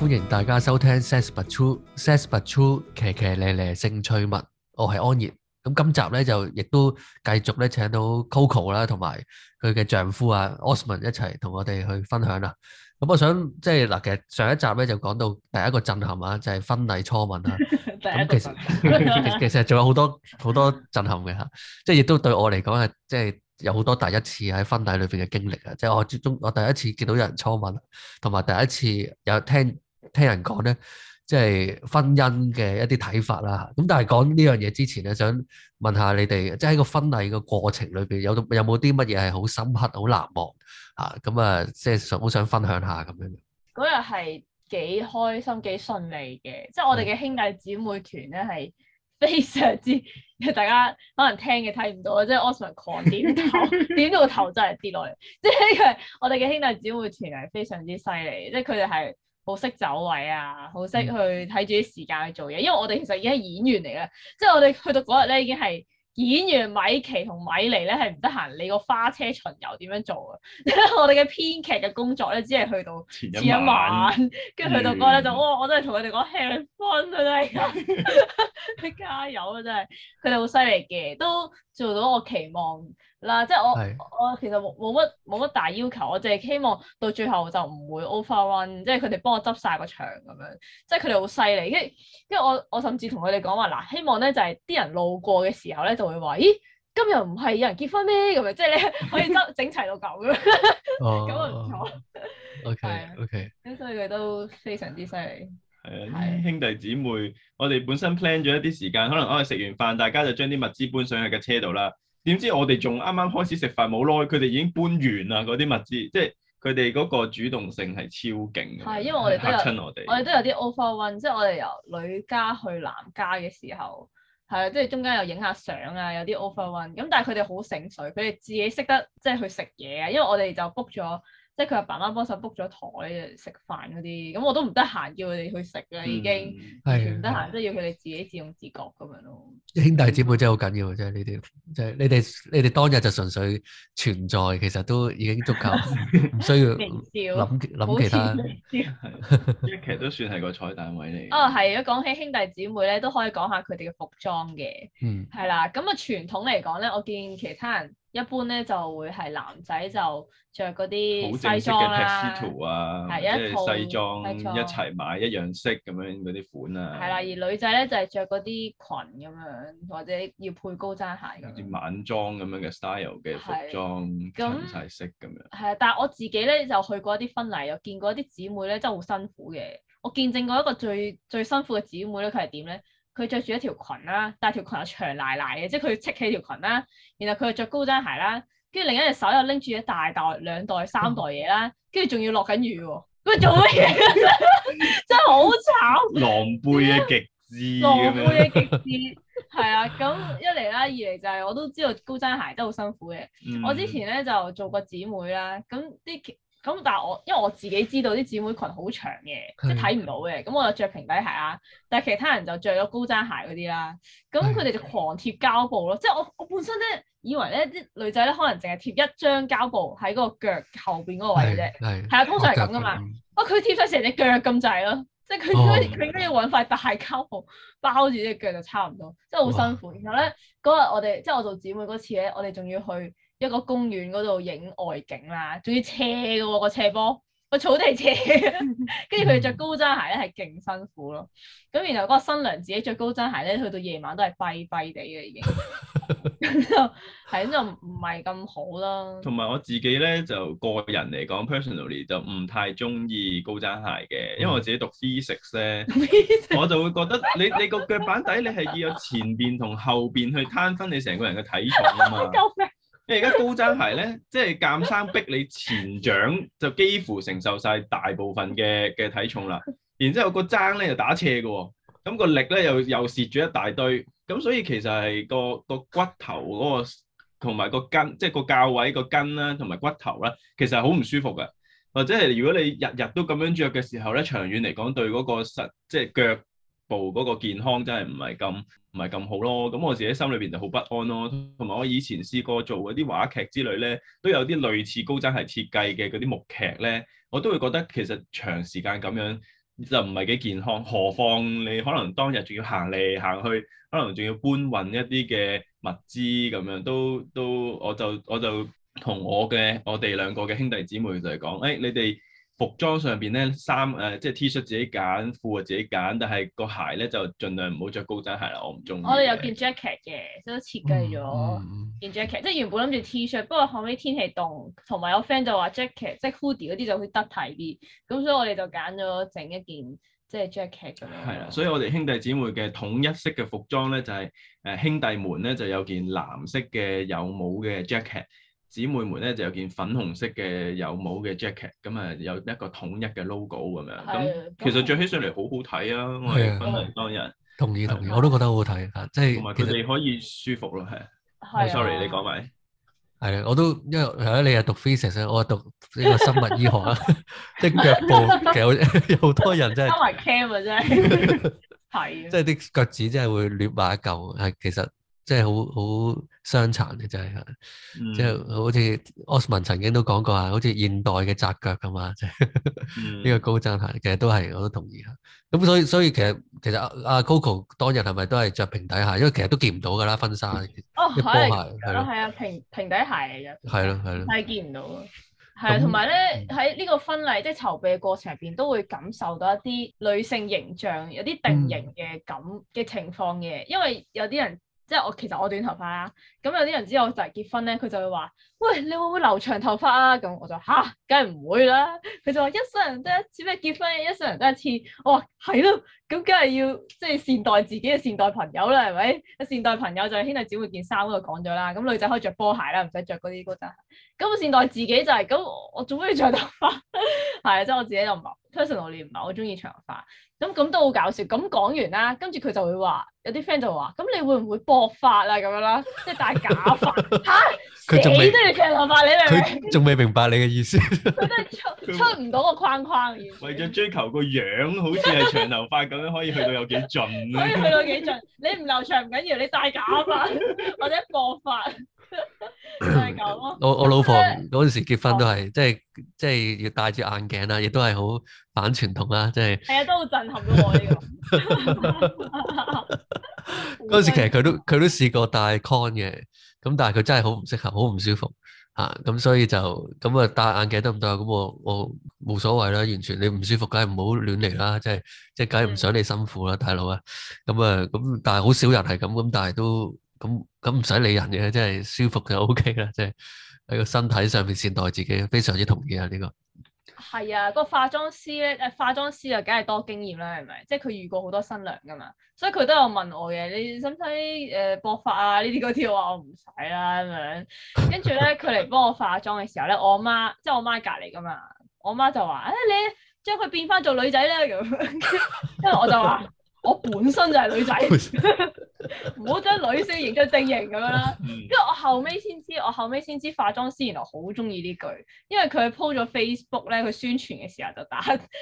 歡迎大家收聽 Sex But True，Sex But True 騎騎咧咧性趣物，我、哦、係安然，咁今集咧就亦都繼續咧請到 Coco 啦，同埋佢嘅丈夫啊 Osman 一齊同我哋去分享啦。咁我想即係嗱，其實上一集咧就講到第一個震撼啊，就係、是、婚禮初吻啊。咁 其實其實仲有好多好多震撼嘅吓，即係亦都對我嚟講係即係有好多第一次喺婚禮裏邊嘅經歷啊，即係我最我第一次見到有人初吻，同埋第一次有聽。聽人講咧，即係婚姻嘅一啲睇法啦。咁但係講呢樣嘢之前咧，想問下你哋，即係喺個婚禮嘅過程裏邊，有有冇啲乜嘢係好深刻、好難忘啊？咁啊，即係想好想分享下咁樣。嗰日係幾開心、幾順利嘅，即係我哋嘅兄弟姊妹團咧係非常之，大家可能聽嘅睇唔到啦，即係 Osman 狂點頭， 點到頭真係跌落嚟。即係呢個，我哋嘅兄弟姊妹團係非常之犀利，即係佢哋係。好識走位啊，好識去睇住啲時間去做嘢，因為我哋其實已經係演員嚟嘅，即、就、係、是、我哋去到嗰日咧已經係演員米奇同米妮咧係唔得閒，你個花車巡遊點樣做啊？ 我哋嘅編劇嘅工作咧只係去到前一晚，跟住、嗯、去到嗰日就哇、哦！我真係同佢哋講慶祝佢真係，你、嗯、 加油啊，真係，佢哋好犀利嘅，都做到我期望。嗱，即係我是我，我其實冇乜冇乜大要求，我淨係希望到最後就唔會 overrun，即係佢哋幫我執晒個場咁樣，即係佢哋好犀利。跟住，跟住我我甚至同佢哋講話嗱，希望咧就係、是、啲人路過嘅時候咧就會話，咦，今日唔係有人結婚咩？咁樣，即係咧可以執整齊到咁，咁啊唔錯。OK OK，咁所以佢都非常之犀利。係啊、嗯，是兄弟姊妹，我哋本身 plan 咗一啲時間，可能我哋食完飯，大家就將啲物資搬上去嘅車度啦。嗯點知我哋仲啱啱開始食飯冇耐，佢哋已經搬完啦嗰啲物資，即係佢哋嗰個主動性係超勁嘅。係，因為我哋拍親我哋，我哋都有啲 overrun，即係我哋由女家去男家嘅時候，係啊，即係中間又影下相啊，有啲 overrun。咁但係佢哋好醒水，佢哋自己識得即係去食嘢啊，因為我哋就 book 咗。即係佢阿爸媽幫手 book 咗台食飯嗰啲，咁我都唔得閒叫佢哋去食啦，已經完全唔得閒，都要佢哋自己自用自覺咁樣咯。兄弟姊妹真係好緊要嘅，真係呢啲，即係你哋你哋當日就純粹存在，其實都已經足夠，唔需要諗諗其他。笑。好似呢啲，其實都算係個彩蛋位嚟。哦，係，如果講起兄弟姊妹咧，都可以講下佢哋嘅服裝嘅，係啦。咁啊傳統嚟講咧，我見其他人。一般咧就會係男仔就著嗰啲西裝啦，係、啊、即係一套西裝一齊買的一樣色咁樣嗰啲款啊。係啦，而女仔咧就係、是、着嗰啲裙咁樣，或者要配高踭鞋咁，啲晚裝咁樣嘅 style 嘅服裝，咁一齊色咁樣。係啊，但係我自己咧就去過一啲婚禮，又見過一啲姊妹咧，真係好辛苦嘅。我見證過一個最最辛苦嘅姊妹咧，佢係點咧？佢着住一條裙啦，但係條裙又長瀨瀨嘅，即係佢戚起條裙啦，然後佢又着高踭鞋啦，跟住另一隻手又拎住一大袋、兩袋、三袋嘢啦，跟住仲要落緊雨喎，佢做乜嘢？ 真係好慘，狼狽嘅極致，狼狽嘅極致，係 啊，咁一嚟啦，二嚟就係、是、我都知道高踭鞋都好辛苦嘅，嗯、我之前咧就做過姊妹啦，咁啲。咁但係我，因為我自己知道啲姊妹裙好長嘅，的即係睇唔到嘅。咁我就着平底鞋啊，但係其他人就着咗高踭鞋嗰啲啦。咁佢哋就狂貼膠布咯，的即係我我本身咧以為咧啲女仔咧可能淨係貼一張膠布喺個腳後邊嗰個位嘅啫，係啊的，通常係咁噶嘛。哇的，佢、哦、貼晒成隻腳咁滯咯，即係佢應該佢應該要揾塊大膠布包住隻腳就差唔多，即係好辛苦。哇然後咧嗰日我哋即係我做姊妹嗰次咧，我哋仲要去。嗯一個公園嗰度影外景啦，仲要斜嘅喎個斜坡，個草地斜， 跟住佢哋著高踭鞋咧係勁辛苦咯。咁然後嗰個新娘自己着高踭鞋咧，去到夜晚都係跛跛地嘅已經，咁就係咁就唔係咁好啦。同埋我自己咧就個人嚟講，personally 就唔太中意高踭鞋嘅，因為我自己讀 physics 咧， 我就會覺得你你個腳板底你係要有前邊同後邊去攤分你成個人嘅體重啊嘛。 你而家高踭鞋咧，即係夾硬逼你前掌就幾乎承受晒大部分嘅嘅體重啦，然之後個踭咧就打斜嘅喎、哦，咁、那個力咧又又蝕住一大堆，咁所以其實係個個骨頭嗰、那個同埋個筋，即係個較位個筋啦，同埋骨頭啦，其實好唔舒服嘅。或者係如果你日日都咁樣着嘅時候咧，長遠嚟講對嗰、那個即係腳。部嗰個健康真係唔係咁唔係咁好咯，咁我自己心裏邊就好不安咯。同埋我以前試過做嗰啲話劇之類呢，都有啲類似高踭鞋設計嘅嗰啲木劇呢。我都會覺得其實長時間咁樣就唔係幾健康，何況你可能當日仲要行嚟行去，可能仲要搬運一啲嘅物資咁樣，都都我就我就同我嘅我哋兩個嘅兄弟姊妹就係講，誒、哎、你哋。服裝上邊咧，衫誒、呃、即係 T 恤自己揀，褲啊自己揀，但係個鞋咧就盡量唔好着高踭鞋啦，我唔中意。我哋有件 jacket 嘅，都設計咗件 jacket，嗯、即係原本諗住 T 恤，shirt, 不過後尾天氣凍，同埋我 friend 就話 jacket，即係 hoodie 嗰啲就會得體啲，咁所以我哋就揀咗整一件即係 jacket 咁樣。係啊，所以我哋兄弟姊妹嘅統一式嘅服裝咧，就係、是、誒、呃、兄弟們咧就有件藍色嘅有帽嘅 jacket。姊妹們咧就有件粉紅色嘅有帽嘅 jacket，咁啊有一個統一嘅 logo 咁樣，咁其實着起上嚟好好睇啊！我係分享當日，同意同意，我都覺得好好睇嚇，即係佢哋可以舒服咯，係。Sorry，你講埋。係啊，我都因為係啊，你係讀 physics，我係讀呢個生物醫學啊，即係腳部其實有好多人真係。埋 cam 啊，真係。係。即係啲腳趾真係會攣埋一嚿，係其實即係好好。傷殘嘅真係，即係好似 Osman 曾經都講過啊，好似現代嘅紮腳咁啊，即係呢個高踭鞋其實都係，我都同意啊。咁所以所以其實其實阿阿 Coco 當日係咪都係着平底鞋？因為其實都見唔到㗎啦，婚紗，哦，波鞋係啊，係啊，平平底鞋嚟嘅，係咯係咯，係見唔到咯。係啊，同埋咧喺呢個婚禮即係籌備嘅過程入邊都會感受到一啲女性形象有啲定型嘅噉嘅情況嘅，因為有啲人。即係我其實我短頭髮啦。咁有啲人知我就嚟結婚咧，佢就會話：喂，你會唔會留長頭髮啊？咁我就吓，梗係唔會啦。佢就話一生人得一次咩結婚，一世人得一次。我話係咯，咁梗係要即係、就是、善待自己嘅善待朋友啦，係咪？善待朋友就係兄弟姊妹件衫嗰度講咗啦。咁女仔可以着波鞋啦，唔使着嗰啲高踭鞋。咁善待自己就係、是、咁， 我做咩要長頭髮？係啊，即係我自己就唔係 personally，我中意長髮。咁咁都好搞笑，咁講完啦，跟住佢就會話，有啲 friend 就話，咁你會唔會博發啦咁樣啦，即係戴假髮，嚇死都要長頭髮，你佢仲未明白你嘅意思。佢 真係出出唔到個框框嘅意思。為咗追求個樣好似係長頭髮咁樣， 可以去到有幾盡 可以去到幾盡？ 你唔留長唔緊要，你戴假髮或者博發。我、 啊、我老婆嗰陣時結婚都係， 即係即係要戴住眼鏡啦，亦都係好反傳統啦、啊，即係。係啊，都好震撼咯，我呢個。嗰陣時其實佢都佢都試過戴 con 嘅，咁但係佢真係好唔適合，好唔舒服吓，咁、啊、所以就咁啊戴眼鏡得唔得啊？咁我我冇所謂啦，完全你唔舒服梗係唔好亂嚟啦，即係即係梗係唔想你辛苦啦，大佬啊，咁啊咁，但係好少人係咁，咁但係都。咁咁唔使理人嘅，真係舒服就 O K 啦，即係喺個身體上面善待自己，非常之同意啊！呢個係啊，個化妝師咧，誒，化妝師啊，梗係多經驗啦，係咪？即係佢遇過好多新娘噶嘛，所以佢都有問我嘅，你使唔使誒，薄化啊？呢啲嗰啲我唔使啦，咁樣。跟住咧，佢嚟幫我化妝嘅時候咧，我阿媽 即係我媽隔籬噶嘛，我媽就話，誒，你將佢變翻做女仔咧咁。因 為我就話，我本身就係女仔。 唔好將女性形象定型咁樣啦，跟住、嗯、我後尾先知，我後尾先知化妝師原來好中意呢句，因為佢鋪咗 Facebook 咧，佢宣傳嘅時候就打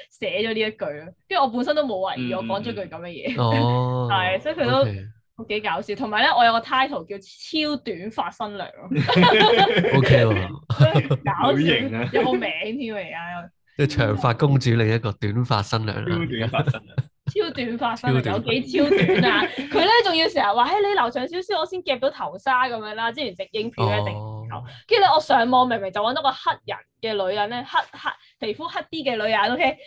寫咗呢一句咯。跟住我本身都冇懷疑，我講咗句咁嘅嘢，哦，係， 所以佢都幾 okay. 搞笑。同埋咧，我有個 title 叫超短髮新娘，O K 啊，好型啊，有個名添。而家即係長髮公主，另一個短髮新娘啦。 超短髮生短有幾超短啊！佢咧仲要成日話，誒你留長少少，我先夾到頭紗咁樣啦。之前直影片一定有，跟住咧我上網明明就搵到個黑人嘅女人咧，黑黑皮膚黑啲嘅女人，O K，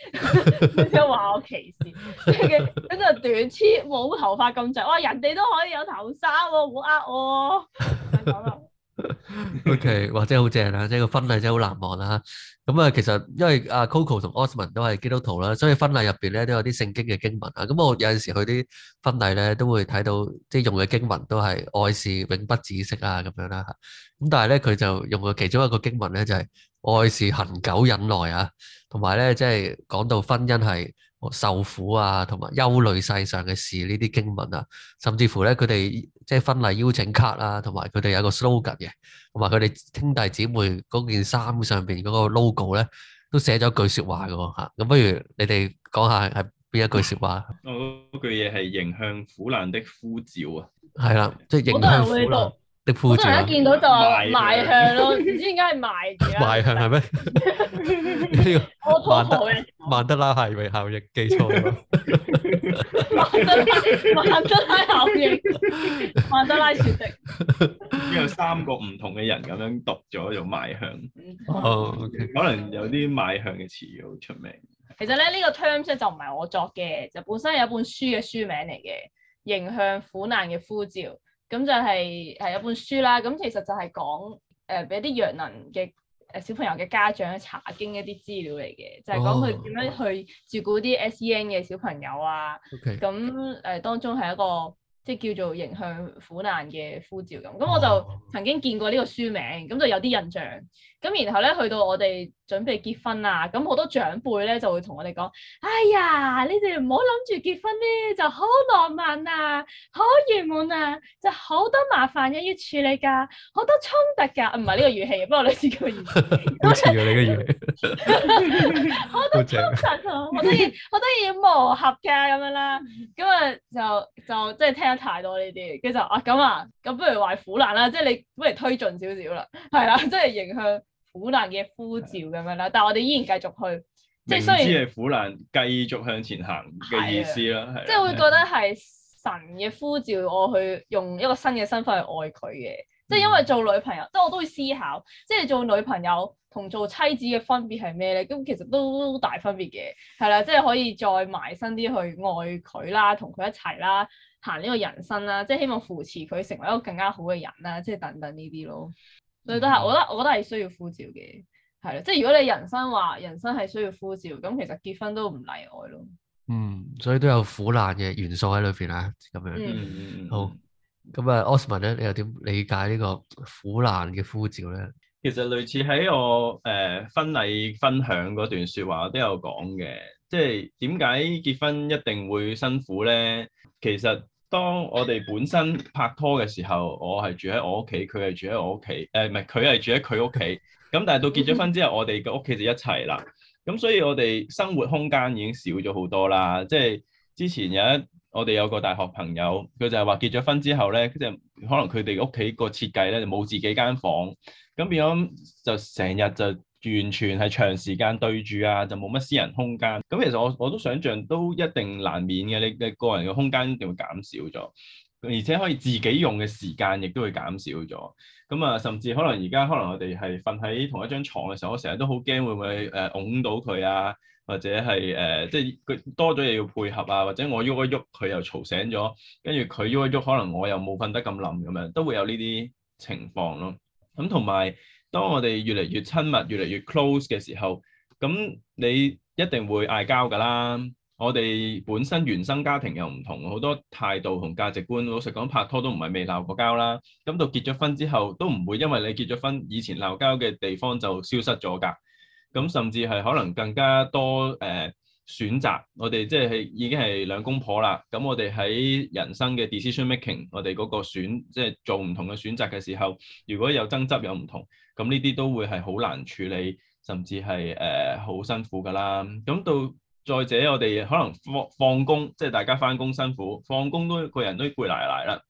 即係話我歧視，跟住跟住短黐冇頭髮咁長，哇！人哋都可以有頭紗喎，唔好呃我。O K，哇！真係好正啊，即係個婚禮真係好難忘啦。咁啊，其實因為阿 Coco 同 Osman 都係基督徒啦，所以婚禮入邊咧都有啲聖經嘅經文啊。咁我有陣時去啲婚禮咧，都會睇到即係、就是、用嘅經文都係愛是永不止息啊，咁樣啦吓。咁但係咧佢就用咗其中一個經文咧就係、是、愛是恆久忍耐啊，同埋咧即係講到婚姻係。受苦啊，同埋憂慮世上嘅事呢啲經文啊，甚至乎咧佢哋即係婚禮邀請卡啦、啊，同埋佢哋有一個 slogan 嘅，同埋佢哋兄弟姊妹嗰件衫上邊嗰個 logo 咧，都寫咗句說話噶吓，咁不如你哋講下係邊一句說話、啊？嗰句嘢係、啊、迎向苦難的呼召啊，係啦，即、就、係、是、迎向苦難。可能、啊、一見到就係賣向咯，唔 知點解係賣。賣向係咩？我拖好嘅。曼德拉係咪效益？記錯 曼。曼德拉，曼德拉效益，曼德拉說的。呢有三個唔同嘅人咁樣讀咗就賣向。 哦，okay. 可能有啲賣向嘅詞好出名。其實咧呢、這個 terms 就唔係我作嘅，就本身有一本書嘅書名嚟嘅，《迎向苦難嘅呼召》。咁就係係有本書啦，咁其實就係講誒俾啲弱能嘅誒、呃、小朋友嘅家長查經一啲資料嚟嘅，就係、是、講佢點、哦、樣去照顧啲 SEN 嘅小朋友啊。咁誒、哦呃、當中係一個即係叫做迎向苦難嘅呼召咁。咁我就曾經見過呢個書名，咁就有啲印象。咁然後咧，去到我哋準備結婚啊，咁好多長輩咧就會同我哋講：哎呀，你哋唔好諗住結婚咧，就好浪漫啊，好圓滿啊，就好多麻煩嘅要處理㗎，好多衝突㗎，唔係呢個語氣，不過你自己個語氣，你嘅語氣。好多衝突，好多要好多 要磨合㗎咁樣啦，咁啊就就即係聽得太多呢啲，跟住就啊咁啊，咁不如話苦難啦，即係你，你不如推進少少啦，係啦，即係迎向。苦難嘅呼召咁樣啦，但係我哋依然繼續去，即係雖然係苦難，繼續向前行嘅意思啦，係。即係會覺得係神嘅呼召，我去用一個新嘅身份去愛佢嘅，嗯、即係因為做女朋友，即係我都會思考，即係做女朋友同做妻子嘅分別係咩咧？咁其實都大分別嘅，係啦，即係可以再埋身啲去愛佢啦，同佢一齊啦，行呢個人生啦，即係希望扶持佢成為一個更加好嘅人啦，即係等等呢啲咯。所以都係，嗯、我覺得、嗯、我覺得係需要呼召嘅，係咯，即係如果你人生話人生係需要呼召，咁其實結婚都唔例外咯。嗯，所以都有苦難嘅元素喺裏邊啊，咁樣。嗯嗯嗯。好，咁、嗯、啊，Osman 咧，你又點理解呢個苦難嘅呼召咧？其實類似喺我誒、呃、婚禮分享嗰段說話，我都有講嘅，即係點解結婚一定會辛苦咧？其實。當我哋本身拍拖嘅時候，我係住喺我屋企，佢係住喺我屋企，誒唔係佢係住喺佢屋企。咁但係到結咗婚之後，我哋嘅屋企就一齊啦。咁所以我哋生活空間已經少咗好多啦。即係之前有一我哋有個大學朋友，佢就係話結咗婚之後咧，佢就可能佢哋屋企個設計咧就冇自己間房，咁變咗就成日就。完全係長時間對住啊，就冇乜私人空間。咁其實我我都想像都一定難免嘅，你你個人嘅空間一定會減少咗，而且可以自己用嘅時間亦都會減少咗。咁啊，甚至可能而家可能我哋係瞓喺同一張床嘅時候，我成日都好驚會唔會誒擁、呃、到佢啊，或者係誒、呃、即係佢多咗嘢要配合啊，或者我喐一喐佢又嘈醒咗，跟住佢喐一喐可能我又冇瞓得咁冧咁樣，都會有呢啲情況咯。咁同埋。當我哋越嚟越親密、越嚟越 close 嘅時候，咁你一定會嗌交㗎啦。我哋本身原生家庭又唔同，好多態度同價值觀。老實講，拍拖都唔係未鬧過交啦。咁到結咗婚之後，都唔會因為你結咗婚，以前鬧交嘅地方就消失咗㗎。咁甚至係可能更加多誒。呃選擇我哋即係已經係兩公婆啦，咁我哋喺人生嘅 decision making，我哋嗰個選即係做唔同嘅選擇嘅時候，如果有爭執有唔同，咁呢啲都會係好難處理，甚至係誒好辛苦㗎啦。咁到再者，我哋可能放放工，即係大家翻工辛苦，放工都個人都攰瀨瀨啦，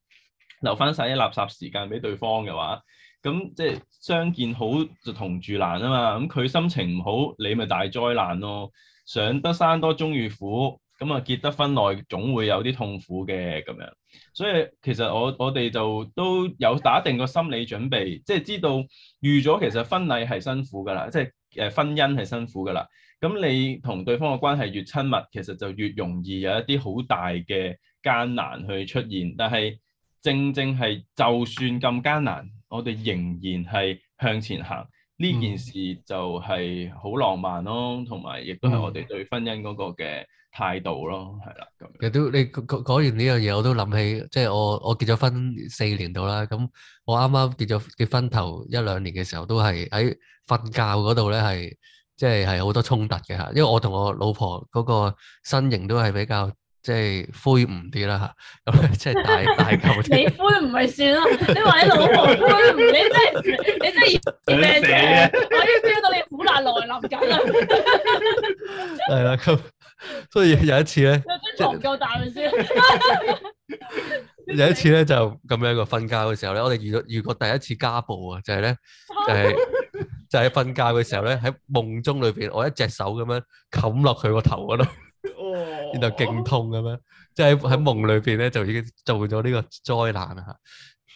留翻晒啲垃圾時間俾對方嘅話，咁即係相見好就同住難啊嘛。咁佢心情唔好，你咪大災難咯。上得山多終遇苦，咁啊結得婚內總會有啲痛苦嘅咁樣，所以其實我我哋就都有打定個心理準備，即係知道預咗其實婚禮係辛苦㗎喇，即係誒婚姻係辛苦㗎喇。咁你同對方嘅關係越親密，其實就越容易有一啲好大嘅艱難去出現。但係正正係就算咁艱難，我哋仍然係向前行。呢件事就係好浪漫咯，同埋亦都係我哋對婚姻嗰個嘅態度咯，係啦咁。其實都你講完呢樣嘢，我都諗起，即係我我結咗婚四年度啦。咁我啱啱結咗結婚頭一兩年嘅時候，都係喺瞓覺嗰度咧，係即係係好多衝突嘅嚇，因為我同我老婆嗰個身形都係比較。即係灰唔啲啦吓，咁即係大大舊啲。你灰唔係算咯？你話你老婆灰唔，你真係你真係要咩嘢？我要燒到你苦辣內臨緊啦！係啦，咁所以有一次咧，有啲床夠大咪先。有一次咧就咁樣一個瞓覺嘅時候咧，我哋遇遇過第一次家暴啊，就係咧，就係就係瞓覺嘅時候咧，喺夢中裏邊，我一隻手咁樣冚落佢個頭嗰度。哦，然後勁痛咁樣，即係喺夢裏邊咧就已經做咗呢個災難啊，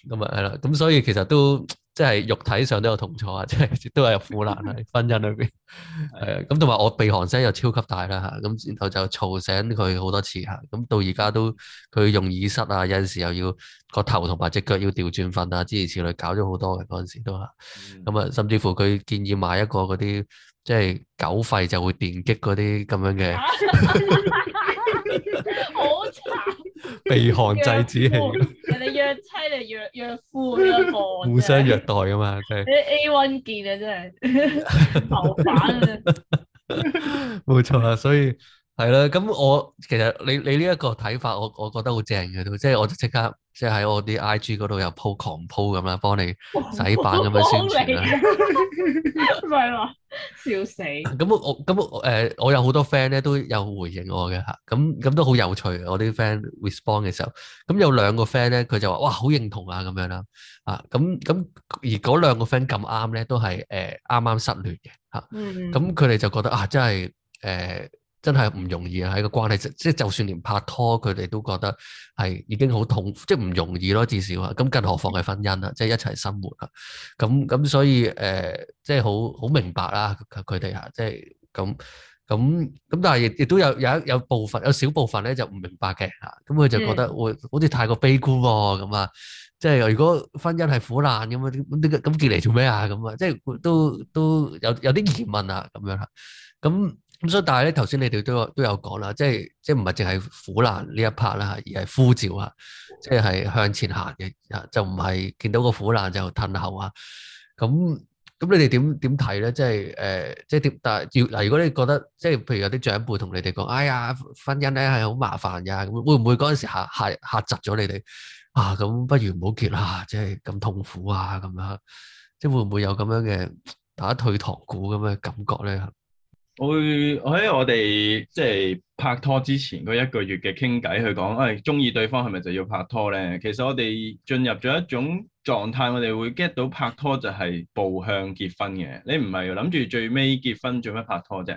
咁啊係啦，咁所以其實都即係肉體上都有痛楚啊，即係都係苦難喺 婚姻裏邊，係，咁同埋我鼻鼾聲又超級大啦吓，咁然後就嘈醒佢好多次吓，咁到而家都佢用耳塞啊，有陣時又要個頭同埋隻腳要調轉瞓啊，諸如此類搞咗好多嘅嗰陣時都吓，咁啊、嗯、 甚至乎佢建議買一個嗰啲。即係狗吠就會電擊嗰啲咁樣嘅，好慘！鼻鼾制止器父 人哋虐妻定虐虐夫啊？互相虐待啊嘛，真係是你 A one 見啊，真係 頭版啊，冇錯啊，所以。係啦，咁我其實你你呢一個睇法，我，我我覺得好正嘅，都，即係我就即刻即係喺我啲 I G 嗰度又 po 狂 po 咁啦，幫你洗版咁樣宣傳啊，咪咯，笑死！咁我咁誒，我有好多 friend 咧都有回應我嘅，吓，咁咁都好有趣。我啲 friend respond 嘅時候，咁有兩個 friend 咧，佢就話哇好認同啊咁樣啦，欸，啊咁咁而嗰兩個 friend 咁啱咧，都係誒啱啱失戀嘅，吓，咁佢哋就覺得啊真係誒。欸嗯嗯真係唔容易啊！喺個關係即即，即係、就算連拍拖，佢哋都覺得係已經好痛，即係唔容易咯。至少啊，咁更何況係婚姻啊？即、就、係、係、一齊生活啊！咁咁，所以誒，即係好好明白啦，佢哋啊，即係咁咁咁，但係亦亦都有有有部分有小部分咧，就唔明白嘅啊！咁佢就覺得我、嗯、好似太過悲觀喎，咁啊，即係如果婚姻係苦難咁啊，呢個咁結嚟做咩啊？咁啊、即係，即係都都有有啲疑問啊，咁樣啊，咁。咁所以，但係咧，頭先你哋都都有講啦，即係即係唔係淨係苦難呢一 part 啦，而係呼召啊，即係向前行嘅吓，就唔係見到個苦難就退後啊。咁咁你哋點點睇咧？即係誒、呃，即係點？但係要嗱，如果你覺得即係，譬如有啲長輩同你哋講，哎呀，婚姻咧係好麻煩嘅，咁會唔會嗰陣時吓吓吓窒咗你哋啊？咁不如唔好結啦、啊，即係咁痛苦啊，咁樣，即係會唔會有咁樣嘅打退堂鼓咁嘅感覺咧？我喺我哋即係拍拖之前嗰一個月嘅傾偈，去講，誒中意對方係咪就要拍拖咧？其實我哋進入咗一種狀態，我哋會 get 到拍拖就係步向結婚嘅。你唔係諗住最尾結婚，做咩拍拖啫？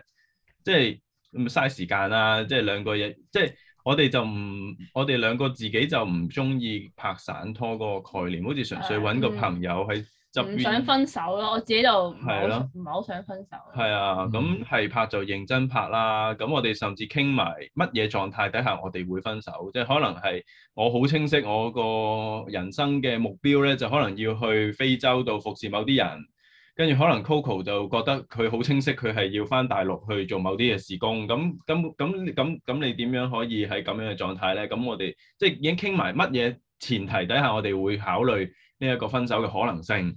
即係唔嘥時間啦。即係兩個嘢，即係我哋就唔，我哋兩個自己就唔中意拍散拖嗰個概念，好似純粹揾個朋友去。嗯就唔想分手咯，我自己就唔係好想分手。係啊，咁係拍就認真拍啦。咁我哋甚至傾埋乜嘢狀態底下我哋會分手，即係可能係我好清晰我個人生嘅目標咧，就可能要去非洲度服侍某啲人，跟住可能 Coco 就覺得佢好清晰佢係要翻大陸去做某啲嘅事工。咁咁咁咁咁，你點樣可以喺咁樣嘅狀態咧？咁我哋即係已經傾埋乜嘢前提底下，我哋會考慮。呢一個分手嘅可能性，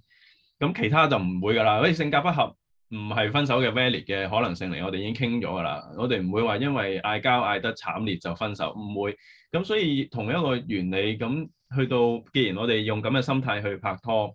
咁其他就唔會㗎啦。好似性格不合唔係分手嘅 valid 嘅可能性嚟，我哋已經傾咗㗎啦。我哋唔會話因為嗌交嗌得慘烈就分手，唔會。咁所以同一個原理，咁去到既然我哋用咁嘅心態去拍拖，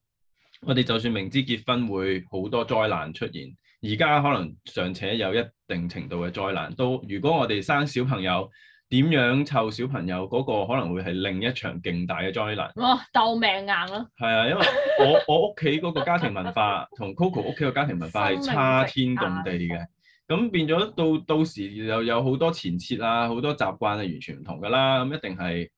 我哋就算明知結婚會好多災難出現，而家可能尚且有一定程度嘅災難，都如果我哋生小朋友。點樣湊小朋友嗰、那個可能會係另一場勁大嘅災難哇、哦、命硬咯，係啊，因為我我屋企嗰個家庭文化同 Coco 屋企個家庭文化係差天共地嘅，咁變咗到到時又有好多前設啊，好多習慣係完全唔同㗎啦，咁一定係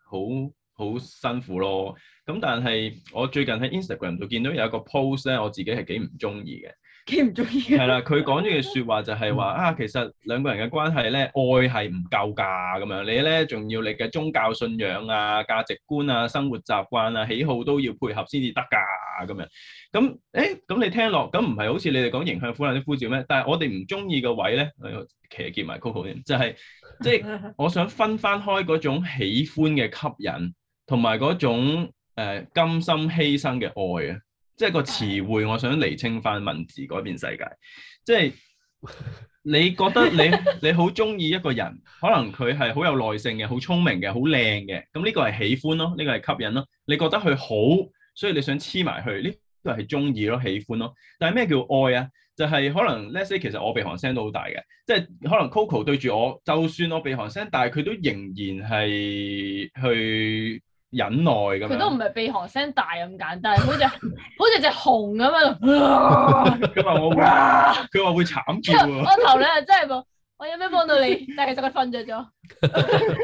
好好辛苦咯。咁但係我最近喺 Instagram 度見到有一個 post 咧，我自己係幾唔中意嘅。幾唔中意啊！係啦，佢講咗句説話就係話 啊，其實兩個人嘅關係咧，愛係唔夠㗎咁樣，你咧仲要你嘅宗教信仰啊、價值觀啊、生活習慣啊、喜好都要配合先至得㗎咁樣。咁誒，咁、欸、你聽落，咁唔係好似你哋講迎向苦難啲呼召咩？但係我哋唔中意嘅位咧，我騎劫埋 Coco 添，就係即係我想分翻開嗰種喜歡嘅吸引，同埋嗰種、呃、甘心犧牲嘅愛啊。即係個詞彙，我想釐清翻文字改變世界。即係你覺得你你好中意一個人，可能佢係好有耐性嘅、好聰明嘅、好靚嘅，咁呢個係喜歡咯，呢個係吸引咯。你覺得佢好，所以你想黐埋去。呢個係中意咯、喜歡咯。但係咩叫愛啊？就係可能 let's say 其實我鼻鼾聲都好大嘅，即係可能 Coco 對住我，就算我鼻鼾聲，但係佢都仍然係去。忍耐咁，佢都唔係鼻鼾聲大咁簡單，好似 好似隻熊咁樣。佢話我，佢 Smash 話、啊、會慘叫、啊。我頭兩日真係冇。我有咩幫到你？但係其實佢瞓着咗，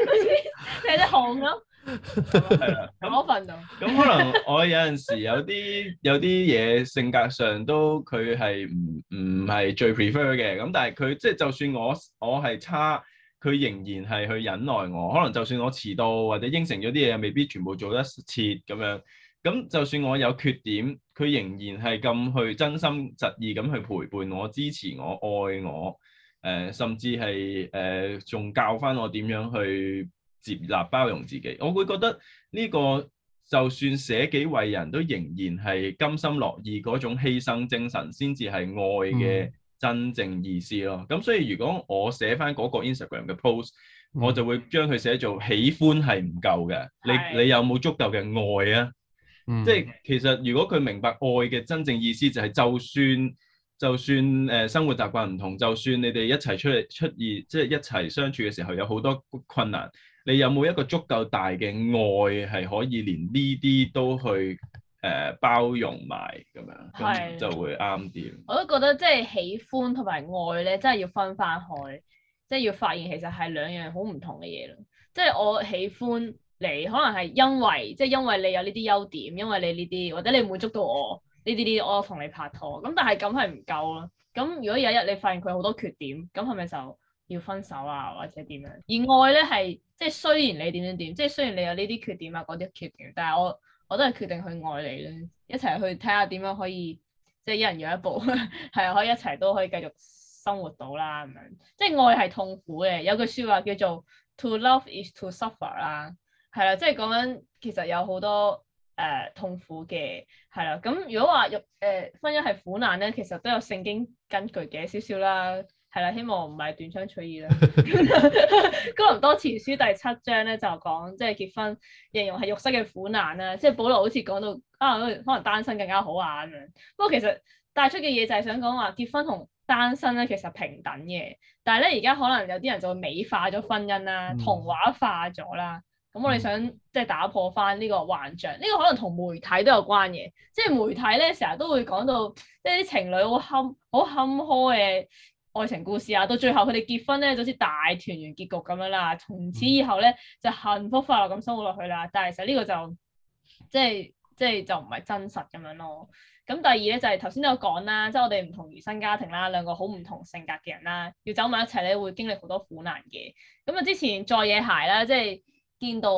好似隻熊咁。係啊， 咁我瞓到。咁、嗯嗯、可能我有陣時有啲有啲嘢性格上都佢係唔唔係最 prefer 嘅，咁但係佢即係就算我我係差，佢仍然係去忍耐我，可能就算我遲到或者應承咗啲嘢，未必全部做得切咁樣。咁就算我有缺點，佢仍然係咁去真心實意咁去陪伴我、支持我、愛我。呃、甚至係誒，仲、呃、教返我點樣去接納包容自己。我會覺得呢、這個就算捨己為人都仍然係甘心樂意嗰種犧牲精神，先至係愛嘅。真正意思咯，咁所以如果我寫翻嗰個 Instagram 嘅 post，嗯，我就會將佢寫做喜歡係唔夠嘅，你你有冇足夠嘅愛啊？嗯，即係其實如果佢明白愛嘅真正意思就係，就算就算誒生活習慣唔同，就算你哋一齊出嚟出現，即係一齊相處嘅時候有好多困難，你有冇一個足夠大嘅愛係可以連呢啲都去？誒、呃、包容埋咁樣，就就會啱啲。我都覺得即係喜歡同埋愛咧，真係要分翻開，即係要發現其實係兩樣好唔同嘅嘢咯。即係我喜歡你，可能係因為即係因為你有呢啲優點，因為你呢啲，或者你滿足到我呢啲啲我同你拍拖。咁但係咁係唔夠咯。咁如果有一日你發現佢好多缺點，咁係咪就要分手啊？或者點樣呢？而愛咧係即係雖然你點點點，即係雖然你有呢啲缺點啊，嗰啲缺點，但係我。我都係決定去愛你咧，一齊去睇下點樣可以，即係一人有一部，係啊，可以一齊都可以繼續生活到啦咁樣。即係愛係痛苦嘅，有句説話叫做 To love is to suffer 啦，係啦，即係講緊其實有好多誒、呃、痛苦嘅，係啦。咁如果話入誒婚姻係苦難咧，其實都有聖經根據嘅少少啦。係啦，希望唔係斷章取義啦。哥林多前書第七章咧就講即係、就是、結婚，形容係肉身嘅苦難啦、啊。即係保羅好似講到啊，可能單身更加好玩啊咁樣。不過其實帶出嘅嘢就係想講話結婚同單身咧其實平等嘅。但係咧而家可能有啲人就會美化咗婚姻啦，嗯、童話化咗啦。咁我哋想即係打破返呢個幻象。呢、嗯、個可能同媒體都有關嘅。即係媒體咧成日都會講到，即係啲情侶好坎好坎坷嘅。愛情故事啊，到最後佢哋結婚咧，就好似大團圓結局咁樣啦、啊。從此以後咧，就幸福快樂咁生活落去啦。但係其實呢個就即係即係就唔係真實咁樣咯、啊。咁第二咧就係頭先都有講啦，即係我哋唔同原生家庭啦，兩個好唔同性格嘅人啦，要走埋一齊咧，會經歷好多苦難嘅。咁啊，之前再野孩啦，即係見到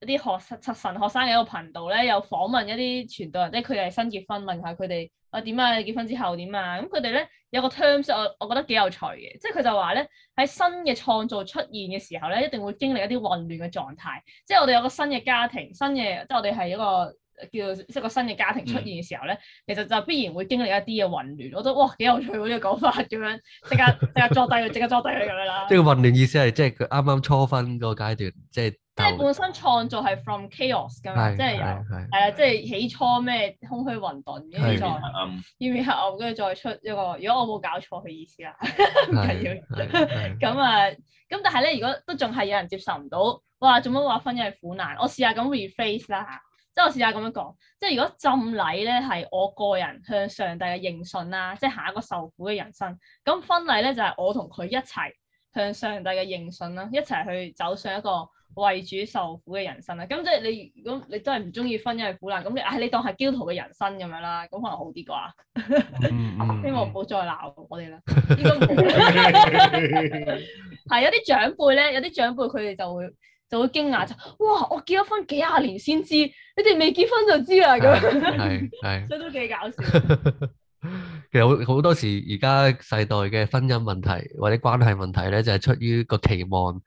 一啲學生神學生嘅一個頻道咧，有訪問一啲傳道人，即係佢哋係新結婚，問下佢哋。我點啊？你啊，結婚之後點啊？咁佢哋咧，有個 terms，我我覺得幾有趣嘅，即係佢就話咧喺新嘅創造出現嘅時候咧，一定會經歷一啲混亂嘅狀態。即係我哋有個新嘅家庭，新嘅即係我哋係一個。叫即係個新嘅家庭出現嘅時候咧，其實就必然會經歷一啲嘅混亂。我都哇，幾有趣喎呢個講法咁樣，即刻即刻作低佢，即刻作低佢咁樣啦。即係混亂意思係即係佢啱啱初婚嗰個階段，即係即係本身創造係 from chaos 咁樣，即係係啊，即係起初咩空虛混沌，跟住再要滅黑暗，跟住再出一個。如果我冇搞錯嘅意思啊，唔緊要，咁啊，咁但係咧，如果都仲係有人接受唔到，哇，做乜話婚姻係苦難？我試下咁 rephrase 啦。即係我試下咁樣講，即係如果浸禮咧係我個人向上帝嘅認信啦，即係下一個受苦嘅人生，咁婚禮咧就係、是、我同佢一齊向上帝嘅認信啦，一齊去走上一個為主受苦嘅人生啦、啊。咁即係你如果你都係唔中意婚姻係苦難，咁你唉、哎、你當係基督徒嘅人生咁樣啦，咁可能好啲啩、 啊？希望唔好再鬧我哋啦。係有啲長輩咧，有啲長輩佢哋就會。就會驚訝就哇，我結咗婚幾廿年先知，你哋未結婚就知喇咁，係係， 所以都幾搞笑。 其實有好多時而家世代嘅婚姻問題或者關係問題咧，就係出於個期望，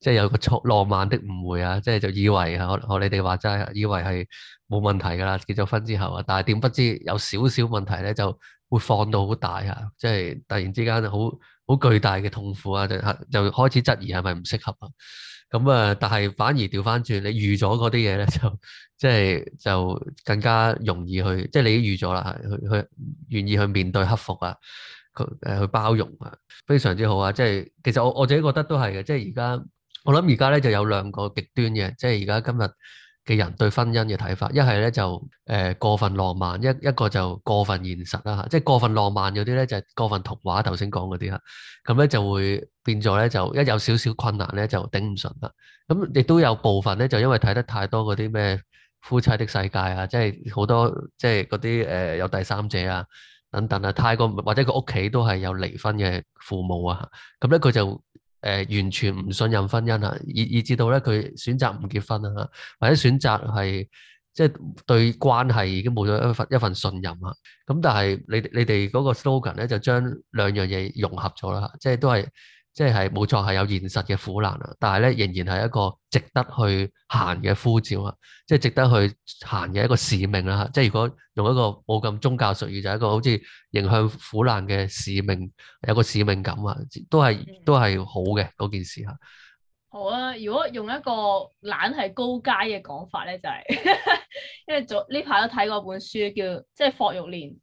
即係有個浪漫的誤會啊，即係就以為啊，我我你哋話齋，以為係冇問題噶啦，結咗婚之後啊，但係點不知有少少問題咧，就會放到好大啊，即係突然之間好好巨大嘅痛苦啊，就就開始質疑係咪唔適合啊。咁啊、嗯！但係反而調翻轉，你預咗嗰啲嘢咧，就即係就更加容易去，即係你已經預咗啦，去去願意去面對克服啊，佢誒去包容啊，非常之好啊！即係其實我我自己覺得都係嘅，即係而家我諗而家咧就有兩個極端嘅，即係而家今日。嘅人對婚姻嘅睇法，一係咧就誒、呃、過分浪漫，一一個就過分現實啦嚇、啊，即係過分浪漫嗰啲咧就係、是、過分童話，頭先講嗰啲嚇，咁、啊、咧就會變咗咧就一有少少困難咧就頂唔順啦。咁、啊、亦都有部分咧就因為睇得太多嗰啲咩夫妻的世界啊，即係好多即係嗰啲誒有第三者啊等等啊，太過或者佢屋企都係有離婚嘅父母啊，咁咧佢就。誒、呃、完全唔信任婚姻啦，以以至到咧佢選擇唔結婚啦，或者選擇係即係對關係已經冇咗一份一份信任啦。咁但係你你哋嗰個 slogan 咧就將兩樣嘢融合咗啦，即係都係。即係冇錯，係有現實嘅苦難啊！但係咧，仍然係一個值得去行嘅呼召啊！即係值得去行嘅一個使命啦！即係如果用一個冇咁宗教術語，就係、是、一個好似迎向苦難嘅使命，有個使命感啊，都係都係好嘅嗰、嗯、件事吓。好啊！如果用一個懶係高階嘅講法咧，就係、是、 因為早呢排都睇過本書，叫即係霍玉蓮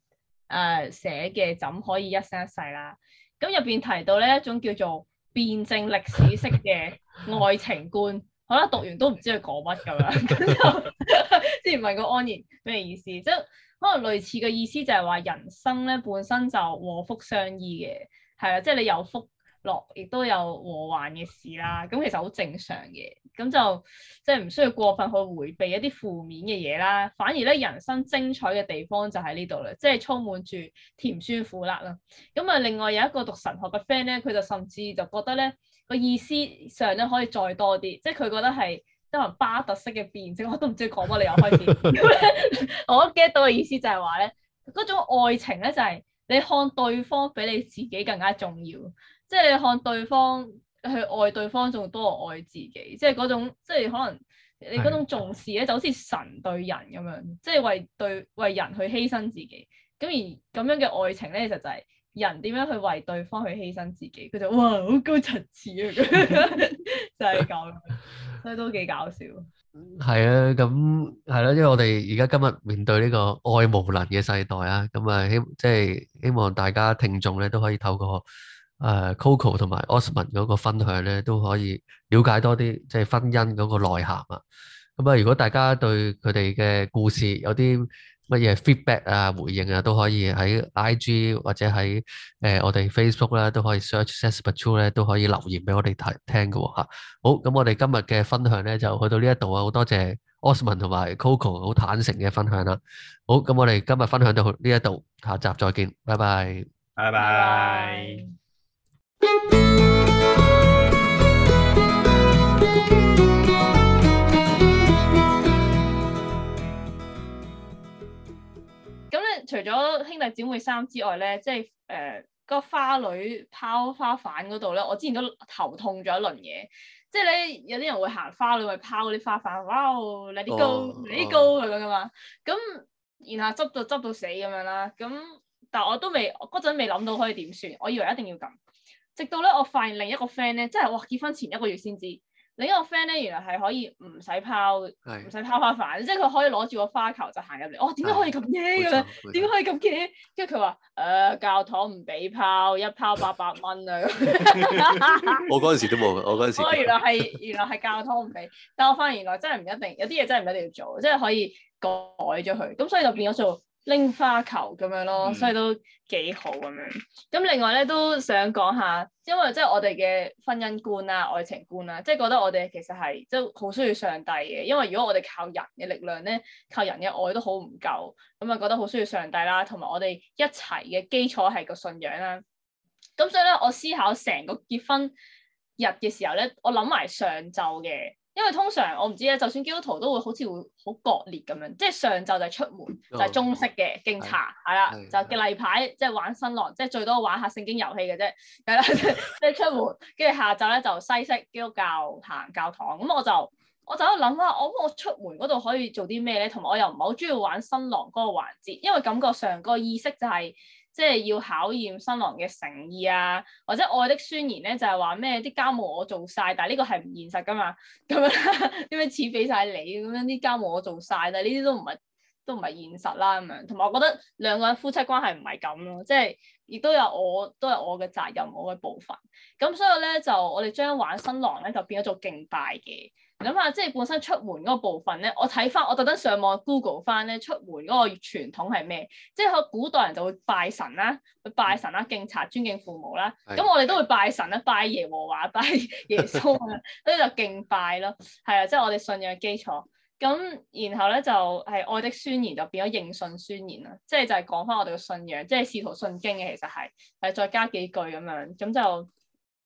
誒寫嘅《怎、呃、可以一生一世》啦。咁入邊提到咧一種叫做辯證歷史式嘅愛情觀， 好啦，讀完都唔知佢講乜咁樣。樣 之前問過安然咩意思，即係可能類似嘅意思就係話人生咧，本身就禍福相依嘅，係啊，即係你有福。落亦都有和諧嘅事啦，咁其實好正常嘅，咁就即係唔需要過分去迴避一啲負面嘅嘢啦。反而咧，人生精彩嘅地方就喺呢度啦，即係充滿住甜酸苦辣啦。咁啊，另外有一個讀神學嘅 friend 咧，佢就甚至就覺得咧、個意思上咧可以再多啲，即係佢覺得係可能巴特式嘅變正我都唔知講乜，你又開始。 我 get 到嘅意思就係話咧，嗰種愛情咧就係、是、你看對方比你自己更加重要。即係你看對方去愛對方仲多過愛自己，即係嗰種即係可能你嗰種重視咧，就好似神對人咁樣，的即係為對為人去犧牲自己。咁而咁樣嘅愛情咧，其實就係人點樣去為對方去犧牲自己。佢就哇好高層次啊， 就係咁， 所以都幾搞笑。係啊，咁係咯，因為我哋而家今日面對呢個愛無能嘅世代啊，咁啊希即係希望大家聽眾咧都可以透過，誒 Coco 同埋 Osman 嗰個分享咧，都可以瞭解多啲，即係婚姻嗰個內涵啊。咁啊，如果大家對佢哋嘅故事有啲乜嘢 feedback 啊、回應啊，都可以喺 IG 或者喺誒我哋 Facebook 啦，都可以 search Sespatu 咧，都可以留言俾我哋睇聽嘅嚇。好，咁我哋今日嘅分享咧就去到呢一度啊，好多謝 Osman 同埋 Coco 好坦誠嘅分享啦。好，咁我哋今日分享到呢一度，下集再見，拜拜，拜拜。咁咧，除咗兄弟姊妹三之外咧，即係誒、呃那個花女拋花瓣嗰度咧，我之前都頭痛咗一輪嘢。即係咧，有啲人會行花女去拋嗰啲花瓣，哇！Let it go，let it go，咁樣噶嘛。咁、哦、然後執到執到死咁樣啦。咁但係我都未，嗰陣未諗到可以點算，我以為一定要咁。直到咧，我發現另一個 friend 咧，即係我結婚前一個月先知，另一個 friend 咧原來係可以唔使拋，唔使是拋花環，即係佢可以攞住個花球就行入嚟。哇、哦，點解可以咁嘅咁樣？點解、啊、可以咁嘅？跟住佢話誒，教堂唔俾拋，一拋八百蚊啊！我嗰陣時都冇，我嗰陣時，我原來係原來係教堂唔俾，但我發現原來真係唔一定，有啲嘢真係唔一定要做，即、就、係、是、可以改咗佢，咁所以就變咗做。拎花球咁樣咯，所以都幾好咁樣。咁、嗯、另外咧都想講下，因為即係我哋嘅婚姻觀啦、愛情觀啦，即係覺得我哋其實係即係好需要上帝嘅。因為如果我哋靠人嘅力量咧，靠人嘅愛都好唔夠，咁啊覺得好需要上帝啦。同埋我哋一齊嘅基礎係個信仰啦。咁所以咧，我思考成個結婚日嘅時候咧，我諗埋上晝嘅。因為通常我唔知咧，就算基督徒都會好似會好割裂咁樣，即係上晝就係出門，嗯、就係中式嘅敬茶，係啦的，就係例牌，即係玩新郎，即係最多玩下聖經遊戲嘅啫，係啦，即 係出門，跟住下晝咧就西式基督教行教堂，咁、嗯、我就我就喺度諗啊，我我出門嗰度可以做啲咩咧？同埋我又唔係好中意玩新郎嗰個環節，因為感覺上嗰、嗰個意識就係、是。即係要考驗新郎嘅誠意啊，或者愛的宣言咧就係話咩啲家務我做晒，但係呢個係唔現實噶嘛，咁樣啲咩錢俾晒你，咁樣啲家務我做晒，但係呢啲都唔係都唔係現實啦咁樣。同埋我覺得兩個人夫妻關係唔係咁咯，即係亦都有我都係我嘅責任，我嘅部分。咁所以咧就我哋將玩新郎咧就變咗做勁大嘅。諗下，即係本身出門嗰個部分咧，我睇翻，我特登上網 Google 翻咧，出門嗰個傳統係咩？即係古代人就會拜神啦，去拜神啦，敬茶、尊敬父母啦。咁我哋都會拜神啦，拜耶和華，拜耶穌啊，所以就敬拜咯。係啊，即係我哋信仰基礎。咁然後咧就係愛的宣言就變咗認信宣言啦，即係就係講翻我哋嘅信仰，即係使徒信經嘅，其實係，誒，再加幾句咁樣，咁就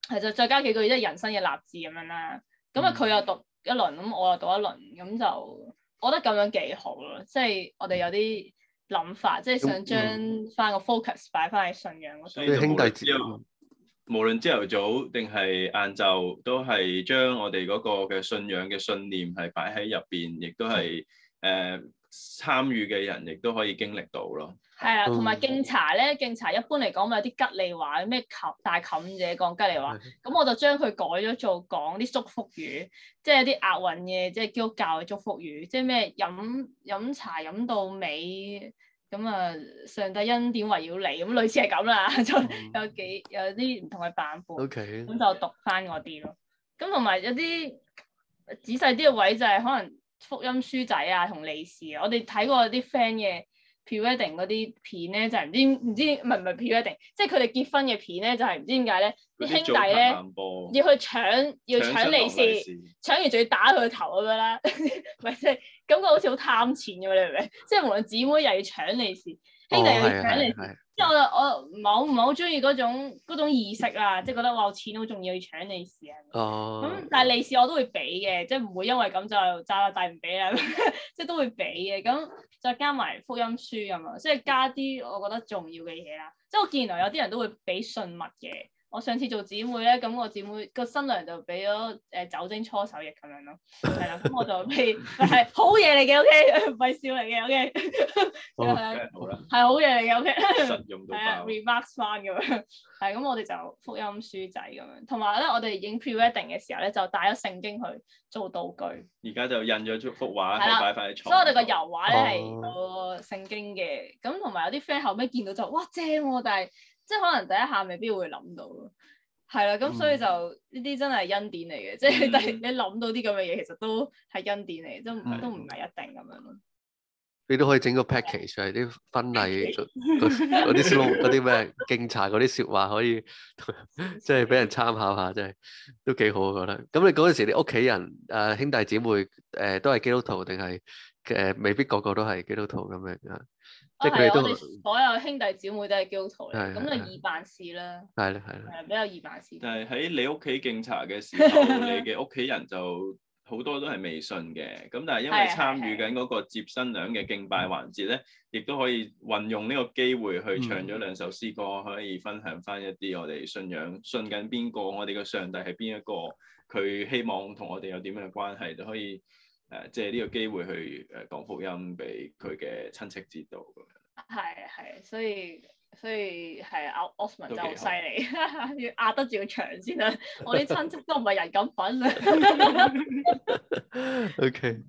係就再加幾句即係人生嘅立志咁樣啦。咁啊，佢又讀。一輪咁，我又讀一輪咁就，我覺得咁樣幾好咯，即係我哋有啲諗法，即係想將翻個 focus 擺翻去信仰嗰度。你哋兄弟之後， 無論朝頭早定係晏晝，都係將我哋嗰個嘅信仰嘅信念係擺喺入邊，亦都係誒。 呃參與嘅人亦都可以經歷到咯。係啊，同埋敬茶咧，敬茶一般嚟講，咪有啲吉利話，咩冚大冚嘢講吉利話。咁的我就將佢改咗做講啲祝福語，即係啲押韻嘅，即係基督教嘅祝福語，即係咩飲飲茶飲到尾，咁啊上帝恩典圍繞你，咁類似係咁啦。有幾有啲唔同嘅版本。OK。嗯。咁就讀翻我啲咯。咁同埋有啲仔細啲嘅位就係可能。福音書仔啊，同利是啊，我哋睇過啲 friend 嘅 pre-wedding 嗰啲片咧，就係、是、唔知唔知，唔係唔係 pre-wedding，即係佢哋結婚嘅片咧，就係唔知點解咧，啲兄弟咧要去搶，要搶利是，搶，利搶完仲要打佢頭咁樣啦，唔即係感覺好似好貪錢咁樣，你明唔明？ 即係無論姊妹又要搶利是，兄弟又要搶利、哦、是。是。即係我我唔係好唔係好中意嗰種嗰種意識啦，即係覺得話我錢好重要要搶利是啊！咁、oh. 但係利是我都會俾嘅，即係唔會因為咁就揸大唔俾啊， 即係都會俾嘅。咁再加埋福音書咁啊，即係加啲我覺得重要嘅嘢啦。即係我見原來，有啲人都會俾信物嘅。我上次做姊妹咧，咁我姊妹個新娘就俾咗誒酒精搓手液咁樣咯，係啦， 咁我就俾係好嘢嚟嘅，O K，唔係笑嚟嘅，O K，係好嘢嚟嘅，O K，實用到爆，remark 翻咁樣，係咁，我哋就福音書仔咁樣，同埋咧，我哋影 pre wedding 嘅時候咧，就帶咗聖經去做道具。而家就印咗幅畫，可以擺塊床。所以我哋個油畫咧係個聖經嘅，咁同埋有啲 friend 後尾見到就哇正喎，但係。即係可能第一下未必會諗到咯，係啦，咁所以就呢啲、嗯、真係恩典嚟嘅，嗯、即係第你諗到啲咁嘅嘢，其實都係恩典嚟，嗯、都都唔係一定咁樣咯。你都可以整個 package 出嚟的，啲婚禮嗰啲啲咩敬茶嗰啲説話，可以即係俾人參考下，真係都幾好，我覺得。咁你嗰陣時你屋企人誒、啊、兄弟姊妹誒、呃、都係基督徒定係誒未必個個個都係基督徒咁樣？係啊、哦哦，我哋所有兄弟姊妹都係基督徒咧，咁的、嗯、就易辦事啦。係啦係啦，係比較易辦事。但係喺你屋企敬茶嘅時候， 你嘅屋企人就好多都係未信嘅，咁但係因為參與緊嗰個接新娘嘅敬拜環節咧，亦都可以運用呢個機會去唱咗兩首詩歌， 可以分享翻一啲我哋信仰信緊邊個，我哋嘅上帝係邊一個，佢希望同我哋有點樣嘅關係，就可以。誒，借呢個機會去誒講福音俾佢嘅親戚知道咁樣。係啊，係，所以所以係阿 Osman 真係好犀利， 要壓得住個場先啦。我啲親戚都唔係人咁粉 OK。